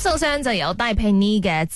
手上就有戴平呢嘅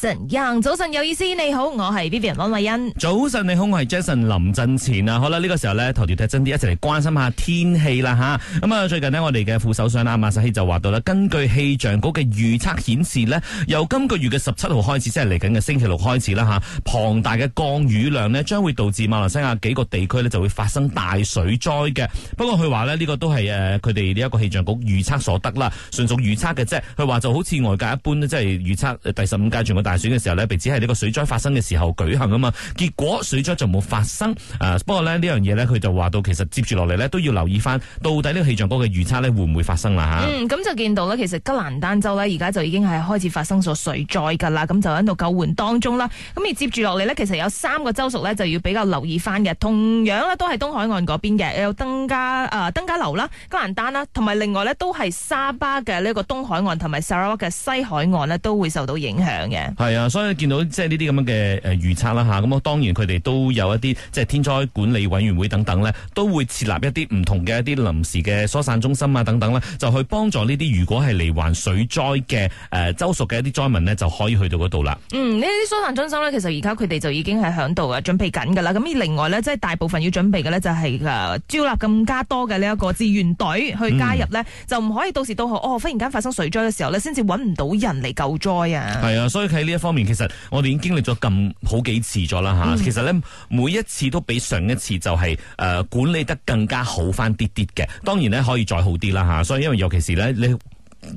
早晨有意思，你好，我係 Vivian 溫慧欣。早晨你好，我係 Jason 林振前啊。好啦，呢個時候呢，頭條睇真啲，一齊嚟關心下天氣啦吓。咁、嗯、啊，最近呢，我哋嘅副首相阿馬沙希就話到啦，根據氣象局嘅預測顯示呢，由今個月嘅十七號開始，即係嚟緊嘅星期六開始啦吓，龐大嘅降雨量呢，將會導致馬來西亞幾個地區呢就會發生大水災嘅。不過佢話呢，呢個都係誒佢哋呢一個氣象局預測所得啦，純屬預測嘅啫。佢話就好似外界一般。即係預測第十五屆全國大選嘅時候呢，被指係呢個水災發生嘅時候舉行啊嘛。結果水災就冇發生啊。不過咧呢樣嘢呢，佢就話到其實接住落嚟呢，都要留意翻，到底呢個氣象局嘅預測呢會唔會發生啦嚇。咁、嗯、就見到呢，其實吉蘭丹州呢，而家就已經係開始發生咗水災㗎啦，咁就喺度救援當中啦。咁而接住落嚟呢，其實有三個州屬呢，就要比較留意翻嘅，同樣呢，都係東海岸嗰邊嘅，有登嘉啊、呃、登嘉樓啦、吉蘭丹啦，同埋另外呢，都係沙巴嘅呢個東海岸同埋砂拉越嘅西海岸。岸都會受到影響嘅，係啊，所以見到即係呢啲咁嘅誒預測啦嚇，咁啊當然佢哋都有一啲即係天災管理委員會等等咧，都會設立一啲唔同嘅一啲臨時嘅疏散中心啊等等咧，就去幫助呢啲如果係嚟環水災嘅誒周屬嘅一啲災民呢，就可以去到嗰度啦。嗯，呢啲疏散中心呢，其實而家佢哋就已經係響度啊，準備緊㗎啦。咁另外呢，即係大部分要準備嘅呢，就係誒招納更加多嘅呢一個志願隊去加入呢，嗯、就唔可以到時到候哦，忽然間發生水災嘅時候呢，先至揾唔到人。嚟救災啊！係啊，所以喺呢一方面，其實我哋已經經歷咗咁好幾次咗啦嚇。其實咧，每一次都比上一次就係、是、誒、呃、管理得更加好翻啲啲嘅。當然咧，可以再好啲啦嚇。所以因為尤其是咧，你。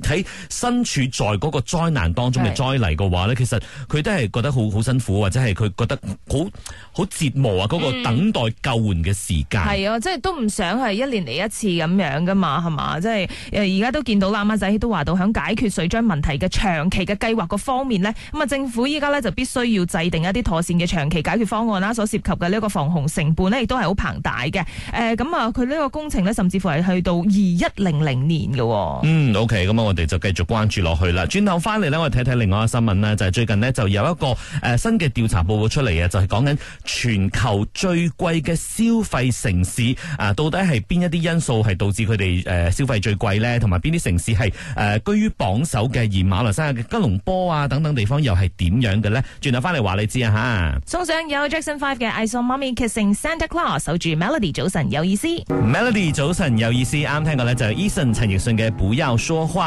喺身處在嗰個災難當中嘅災黎嘅話呢是其實佢都係覺得好好辛苦，或者係佢覺得好好折磨啊！嗰、那個等待救援嘅時間係啊，即係都唔想係一年嚟一次咁樣㗎嘛，係嘛？即係誒，而、呃、家都見到啦，馬仔都話到響解決水災問題嘅長期嘅計劃個方面呢。咁啊，政府依家呢就必須要制定一啲妥善嘅長期解決方案啦。所涉及嘅呢個防洪成本呢，亦都係好龐大嘅。誒、呃，咁、呃、啊，佢呢個工程呢，甚至乎係去到二一零零年嘅。嗯，OK，咁我哋就繼續關注落去啦。轉頭翻嚟呢，我哋睇睇另外一個新聞啦。就係、是、最近呢，就有一個誒、呃、新嘅調查報告出嚟嘅，就係講緊全球最貴嘅消費城市啊，到底係邊一啲因素係導致佢哋誒消費最貴呢？同埋邊啲城市係誒、呃、居於榜首嘅？而馬來西亞嘅吉隆坡啊等等地方又係點樣嘅呢？轉頭翻嚟話你知啊嚇。送上有 Jackson Five 嘅 I Saw Mommy Kissing Santa Claus 守住 Melody 早晨有意思。Melody 早晨有意思啱啱聽過咧，就 Eason 陳奕迅嘅不要說話。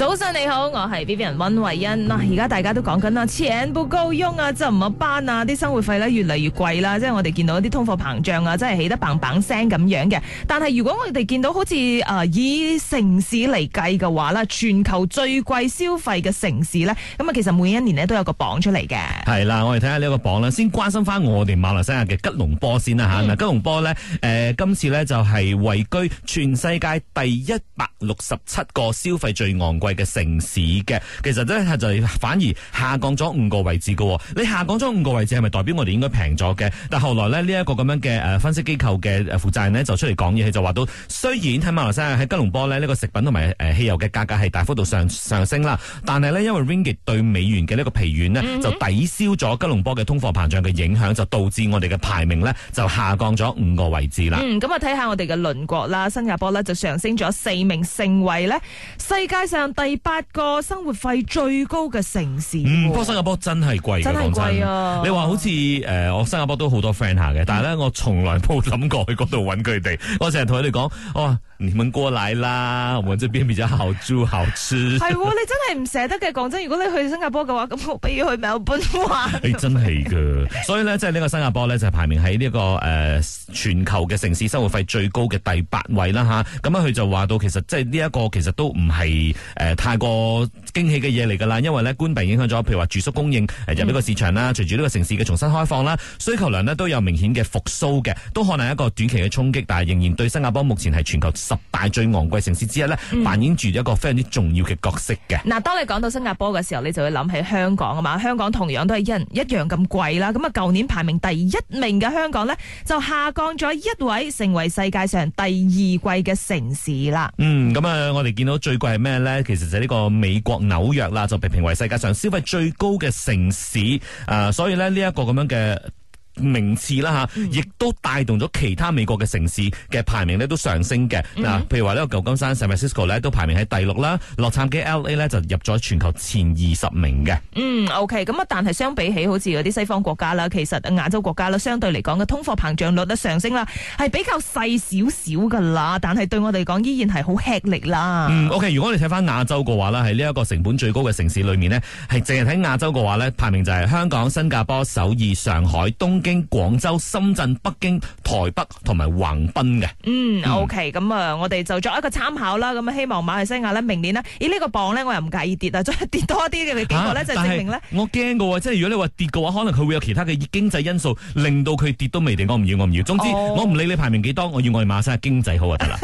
早上你好，我係 B B 人溫慧欣。嗱、啊，而家大家都講緊啦，錢唔夠用啊，就唔好班啊，啲生活費咧，越嚟越貴啦，即係我哋見到啲通貨膨脹啊，真係起得棒棒聲咁樣嘅。但係如果我哋見到好似誒、呃、以城市嚟計嘅話啦，全球最貴消費嘅城市咧，咁啊其實每一年呢都有個榜出嚟嘅。係啦，我哋睇下呢個榜啦，先關心翻我哋馬來西亞嘅吉隆坡先啦吓。嗱、嗯，吉隆坡咧，誒、呃、今次咧就係位居全世界第一百六十七個消費最昂貴嘅城市嘅，其實咧係就反而下降咗五個位置㗎喎。你下降咗五個位置係咪代表我哋應該平咗嘅？但係後來咧呢一個咁樣嘅誒分析機構嘅負責人呢，就出嚟講嘢，就話到雖然喺馬來西亞喺吉隆坡呢，呢個食品同埋誒汽油嘅價格係大幅度上上升啦，但係呢，因為 Ringgit 對美元嘅呢個疲軟呢，就抵消咗吉隆坡嘅通貨膨脹嘅影響，就導致我哋嘅排名呢，就下降咗五個位置啦。嗯，咁啊睇下我哋嘅鄰國啦，新加坡呢，就上升咗四名，成為呢，世界上。第八個生活費最高嘅城市，嗯、不過新加坡真係貴嘅，講真。真係貴啊！啊你話好似誒、呃，我新加坡都好多 friend 下嘅，但係呢咧、嗯，我從來冇諗過去嗰度搵佢哋。我成日同佢哋講，哦，你們過嚟啦，或者邊邊就好豬好住。係、 哦，你真係唔捨得嘅。講真，如果你去新加坡嘅話，咁不如去墨爾本玩。 哎、真係噶。 所以咧，即係呢個新加坡咧，就是、排名喺呢、這個誒、呃、全球嘅城市生活費最高嘅第八位啦吓。咁啊，佢就話到，其實即係呢一個，其實都唔係。誒、呃，太過驚喜嘅嘢嚟噶啦，因為咧冠病影響咗，譬如話住宿供應、呃嗯、入呢個市場啦。隨住呢個城市嘅重新開放啦，需求量呢都有明顯嘅復甦嘅，都可能係一個短期嘅衝擊，但係仍然對新加坡目前係全球十大最昂貴城市之一咧，扮演住一個非常之重要嘅角色嘅。嗱、嗯，當你講到新加坡嘅時候，你就會諗起香港啊嘛，香港同樣都係一一樣咁貴啦。咁啊，舊年排名第一名嘅香港咧，就下降咗一位，成為世界上第二貴嘅城市啦。嗯，咁啊，我哋見到最貴係咩咧？其實，就係呢個美國紐約啦，就被評為世界上消費最高嘅城市。誒、呃，所以咧呢一個咁樣嘅。名次啦吓，亦都帶動咗其他美國嘅城市嘅排名咧都上升嘅。嗱、mm，hmm. 譬如話呢個舊金山 San Francisco 咧，都排名喺第六啦。洛杉磯 LA 咧就入咗全球前二十名嘅。嗯、mm hmm.，OK，咁啊，但係相比起好似嗰啲西方國家啦，其實亞洲國家啦，相對嚟講嘅通貨膨脹率咧上升啦，係比較細少少噶啦。但係對我哋講依然係好吃力啦。嗯、mm hmm.，OK，如果你睇翻亞洲嘅話啦，喺呢一個成本最高嘅城市裏面咧，係淨係睇亞洲嘅話咧，排名就係香港、新加坡、首爾、上海、東京。經廣州、深圳、北京、台北同埋橫濱嘅。嗯，O K，咁啊，我哋就作一個參考啦。咁啊，希望馬來西亞咧，明年呢，咦、欸、呢、這個榜咧，我又唔介意跌啊，再跌多啲嘅結果咧，就是、證明咧，啊、我驚嘅，即係如果你話跌嘅話，可能佢會有其他嘅經濟因素令到佢跌都未定。我唔要，我唔要。總之，哦、我唔理你排名幾多，我要我哋馬來西亞經濟好啊得啦。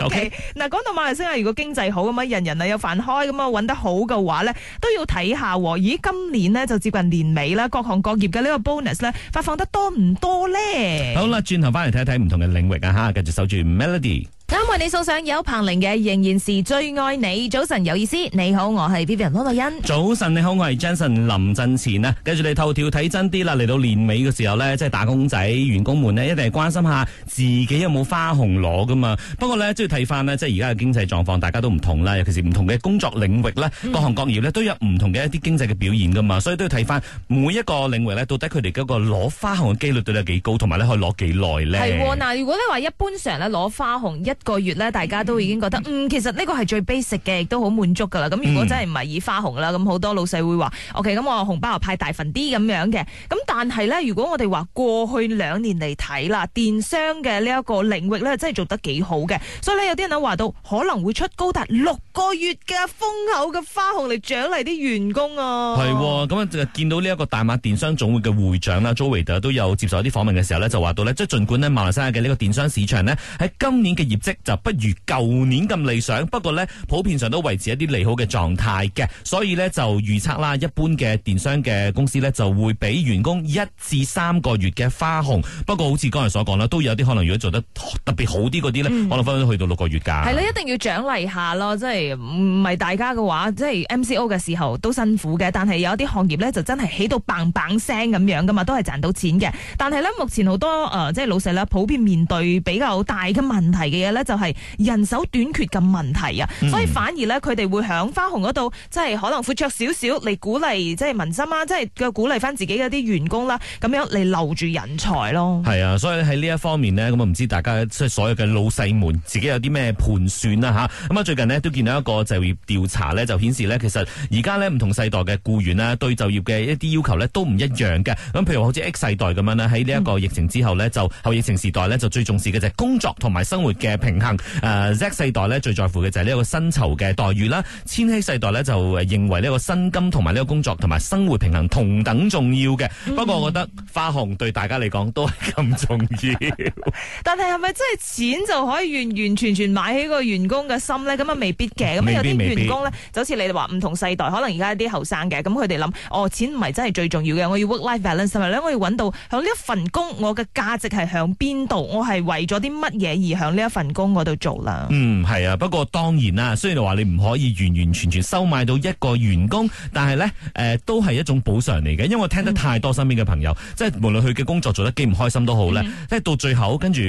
O K，嗱，講到馬來西亞如果經濟好咁啊，人人啊有飯開，咁啊搵得好嘅話咧，都要睇下。咦、呃，今年呢，就接近年尾啦，各行各業嘅呢個 bonus 咧發放。得多唔多咧？好啦，轉頭翻嚟睇一睇唔同嘅領域啊！吓，繼續守住 melody。咁為你送上有彭羚嘅《仍然是最愛你》。早晨有意思，你好，我係 Vivian 羅樂欣。早晨你好，我係 Jason 林振前啊。跟住你頭條睇真啲啦。嚟到年尾嘅時候咧，即係打工仔員工們咧，一定係關心下自己有冇花紅攞噶嘛。不過咧，即係睇翻呢，即係而家嘅經濟狀況，大家都唔同啦。尤其是唔同嘅工作領域咧，各行各業咧都有唔同嘅一啲經濟嘅表現噶嘛。所以都要睇翻每一個領域咧，到底佢哋嗰個攞花紅嘅幾率到底有幾高，同埋咧可以攞幾耐咧。係嗱，如果你話一般常咧攞花紅一。個月咧，大家都已經覺得嗯，嗯，其實呢個係最 basic 嘅，亦都好滿足噶啦。咁如果真係唔係以花紅啦，咁好、嗯、多老細會話、嗯、OK，咁我紅包又派大份啲咁樣嘅。咁但係咧，如果我哋話過去兩年嚟睇啦，電商嘅呢一個領域咧，真係做得幾好嘅。所以呢，有啲人話到可能會出高達六個月嘅豐厚嘅花紅嚟獎勵啲員工啊。係、哦，咁就見到呢一個大馬電商總會嘅會長啦，Zoey 都有接受一啲訪問嘅時候呢，就話到呢：「即儘管咧馬來西亞嘅呢個電商市場呢，喺今年嘅就不如舊年咁理想，不過咧，普遍上都維持一啲利好嘅狀態嘅，所以咧就預測啦，一般嘅電商嘅公司咧就會俾員工一至三個月嘅花紅，不過好似剛才所講啦，都有啲可能如果做得特別好啲嗰啲咧，嗯、可能分分去到六個月噶。係啦，一定要獎勵下咯，即係唔係大家嘅話，即係 MCO 嘅時候都辛苦嘅，但係有啲行業咧就真係起到棒棒聲咁樣噶嘛，都係賺到錢嘅。但係咧，目前好多誒、呃、即係老細啦，普遍面對比較大嘅問題嘅嘢就係人手短缺嘅問題啊，嗯、所以反而咧佢哋會響花紅嗰度，即、就、係、是、可能闊綽少少嚟鼓勵，即係民心啊，即係佢鼓勵翻自己嘅啲員工啦，咁樣嚟留住人才咯。係啊，所以喺呢一方面呢，咁啊唔知大家即係所有嘅老細們自己有啲咩盤算啦、啊、吓？咁啊最近呢都見到一個就業調查呢，就顯示呢，其實而家呢唔同世代嘅僱員咧對就業嘅一啲要求呢都唔一樣嘅。咁譬如好似 X 世代咁樣呢，喺呢一個疫情之後呢，嗯、就後疫情時代呢，就最重視嘅就係工作同埋生活嘅平衡誒、uh, Z 世代咧最在乎嘅就係呢一個薪酬嘅待遇啦，千禧世代咧就誒認為呢一個薪金同埋呢個工作同埋生活平衡同等重要嘅。嗯、不過我覺得花紅對大家嚟講都係咁重要。 但係係咪真係錢就可以完完全全買起個員工嘅心咧？咁啊未必嘅。咁必有啲員工咧必就好似你哋話唔同世代，可能而家啲後生嘅咁，佢哋諗，哦錢唔係真係最重要嘅，我要 work life balance，係咪咧，我要揾到響呢一份工我嘅價值係響邊度？我係為咗啲乜嘢而響呢一份工作？工嗰度做啦，嗯係啊，不過當然啦，雖然話你唔可以完完全全收買到一個員工，但係咧誒都係一種補償嚟嘅，因為我聽得太多身邊嘅朋友，嗯、哼即係無論佢嘅工作做得幾唔開心都好咧，即係、嗯、哼到最後跟住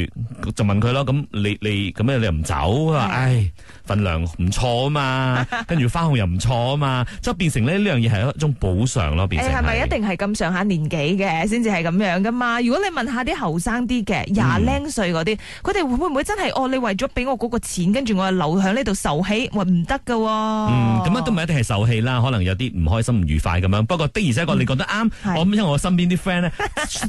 就問佢咯，咁你你咁樣你,你又唔走啊？是唉，份糧唔錯啊嘛， 跟住返工又唔錯啊嘛，即係變成咧呢樣嘢係一種補償咯。變成係，係咪、哎、一定係咁上下年紀嘅先至係咁樣噶嘛？如果你問下啲後生啲嘅廿零歲嗰啲，佢哋、嗯、會唔會真係我？你為咗俾我嗰個錢，跟住我又留喺呢度受氣，話唔得噶。嗯，咁啊都唔一定係受氣啦，可能有啲唔開心、唔愉快咁樣。不過的而且確你覺得啱，嗯、我因為我身邊啲 friend 咧，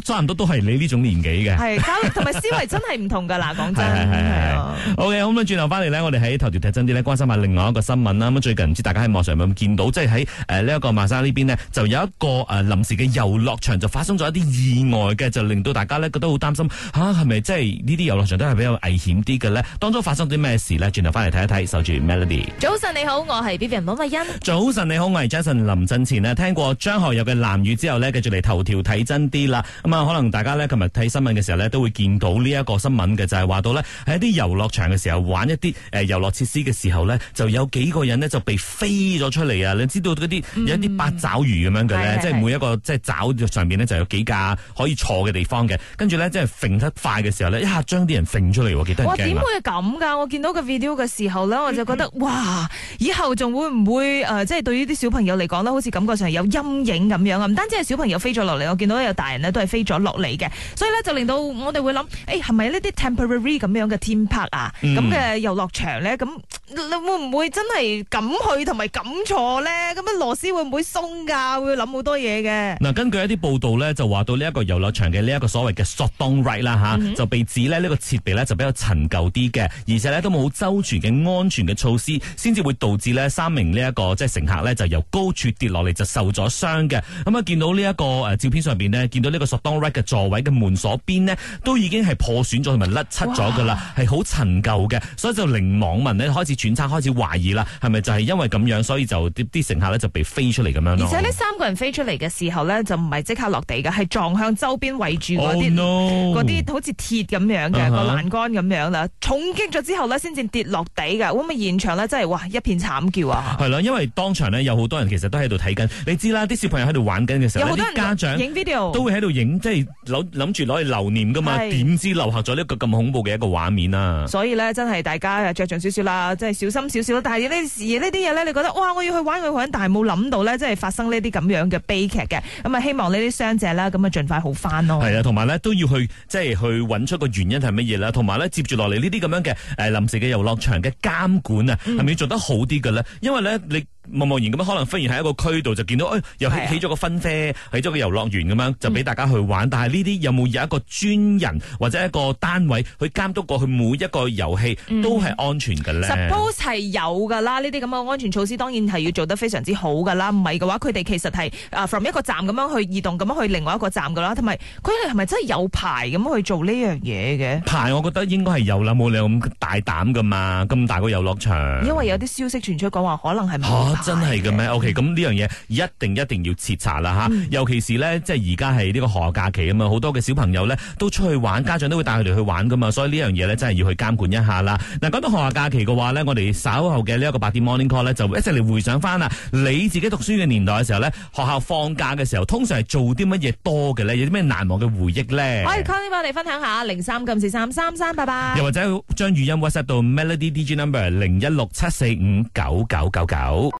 差唔多都係你呢種年紀嘅。同埋思維真係唔同噶嗱，講 真的。OK 係。好嘅，轉頭翻嚟咧，我哋喺頭條睇真啲咧，關心下另外一個新聞啦。咁最近唔知大家喺網上有冇見到，即係喺誒呢一個馬來西亞呢邊咧，就有一個誒臨時嘅遊樂場就發生咗一啲意外嘅，就令到大家咧覺得好擔心。吓、啊，係咪即係呢啲遊樂場都係比較危險啲嘅？咧當中發生啲咩事呢？轉頭翻嚟睇一睇，守住 Melody。早晨你好，我係 B B 林柏茵。早晨你好，我係 Jason。臨陣前咧，聽過張學友嘅《藍雨》之後呢，繼續嚟頭條睇真啲啦。咁、嗯、啊，可能大家呢，琴日睇新聞嘅時候呢，都會見到呢一個新聞嘅，就係、是、話到呢，喺啲遊樂場嘅時候玩一啲誒遊樂設施嘅時候呢，就有幾個人呢就被飛咗出嚟啊！你知道嗰啲有一啲八爪魚咁樣嘅咧，即係、嗯、每一個即係、就是、爪上面呢，就有幾架可以坐嘅地方嘅，跟住呢，即係揈得快嘅時候呢，一下將啲人揈出嚟，幾得人驚。點會係咁噶？我見到個 video 嘅時候咧，我就覺得哇，以後仲會唔會誒、呃，即係對於啲小朋友嚟講咧，好似感覺上有陰影咁樣啊？唔單止係小朋友飛咗落嚟，我見到有大人咧都係飛咗落嚟嘅，所以咧就令到我哋會諗，誒、哎，係咪呢啲 temporary 咁樣嘅 team part 啊？咁嘅、嗯、遊樂場咧咁。你會唔會真係咁去同埋咁坐咧？咁啊螺絲會唔會鬆㗎？會諗好多嘢嘅。嗱，根據一啲報道咧，就話到呢一個遊樂場嘅呢一個所謂嘅 short down ride、right、啦、mm hmm. 啊、就被指呢呢個設備咧就比較陳舊啲嘅，而且咧都冇周全嘅安全嘅措施，先至會導致呢三名呢、這、一個即係、就是、乘客呢就由高處跌落嚟就受咗傷嘅。咁啊見到呢一個照片上面呢，見到呢、這個 short down ride、right、嘅座位嘅門鎖邊呢，都已經係破損咗同埋甩漆咗㗎啦，係好哇陳舊嘅，所以就令網民呢開始。乘客開始懷疑啦，係咪就係因為咁樣，所以就啲乘客咧就被飛出嚟咁樣。而且呢，三個人飛出嚟嘅時候咧，就唔係即刻落地嘅，係撞向周邊圍住嗰啲嗰啲好似鐵咁樣嘅、uh huh. 個欄杆咁樣啦。重擊咗之後咧，先至跌落地嘅。咁咪現場咧真係哇一片慘叫啊！係啦，因為當場咧有好多人其實都喺度睇緊。你知啦，啲小朋友喺度玩緊嘅時候好咧，有好多人家長都會喺度影，video 即係諗諗住攞嚟留念噶嘛。點係知留下咗呢個咁恐怖嘅一個畫面啊！所以咧，真係大家着重少少啦，小心少少咯，但係呢呢啲嘢咧，你覺得哇，我要去玩要去玩，但係冇諗到咧，即係發生呢啲咁樣嘅悲劇嘅，咁啊希望呢啲傷者啦，咁啊盡快好翻咯。係啊，同埋咧都要去即係去揾出個原因係乜嘢啦，同埋咧接住落嚟呢啲咁樣嘅誒臨時嘅遊樂場嘅監管啊，係咪要做得好啲嘅咧？因為咧你。貿貿然咁可能忽然喺一個區度就見到，哎，遊戲起咗，啊，個分啡，起咗個遊樂園咁樣，就俾大家去玩。嗯、但係呢啲有冇有一個專人或者一個單位去監督過佢每一個遊戲都係安全嘅咧，嗯嗯？Suppose 係有噶啦，呢啲咁嘅安全措施當然係要做得非常之好噶啦。唔係嘅話，佢哋其實係啊，from 一個站咁樣去移動咁樣去另外一個站噶啦。同埋佢係咪真係有牌咁去做呢樣嘢嘅？牌，我覺得應該係有啦。冇理由咁大膽噶嘛，咁大個遊樂場。因為有啲消息傳出講話，可能係真係嘅咩？OK，咁呢樣嘢一定一定要徹查啦！吓，尤其是咧，即係而家係呢個學校假期啊嘛，好多嘅小朋友咧都出去玩，家長都會帶佢哋去玩噶嘛，所以呢樣嘢咧真係要去監管一下啦。嗱，講到學校假期嘅話咧，我哋稍後嘅呢一個八點 Morning Call 咧，就一齊嚟回想翻啦。你自己讀書嘅年代嘅時候咧，學校放假嘅時候，通常係做啲乜嘢多嘅咧？有啲咩難忘嘅回憶咧？可以，call 我哋分享下零三九四三三三八八。又或者將語音 WhatsApp 到 Melody D J Number 零一六七四五九九九九。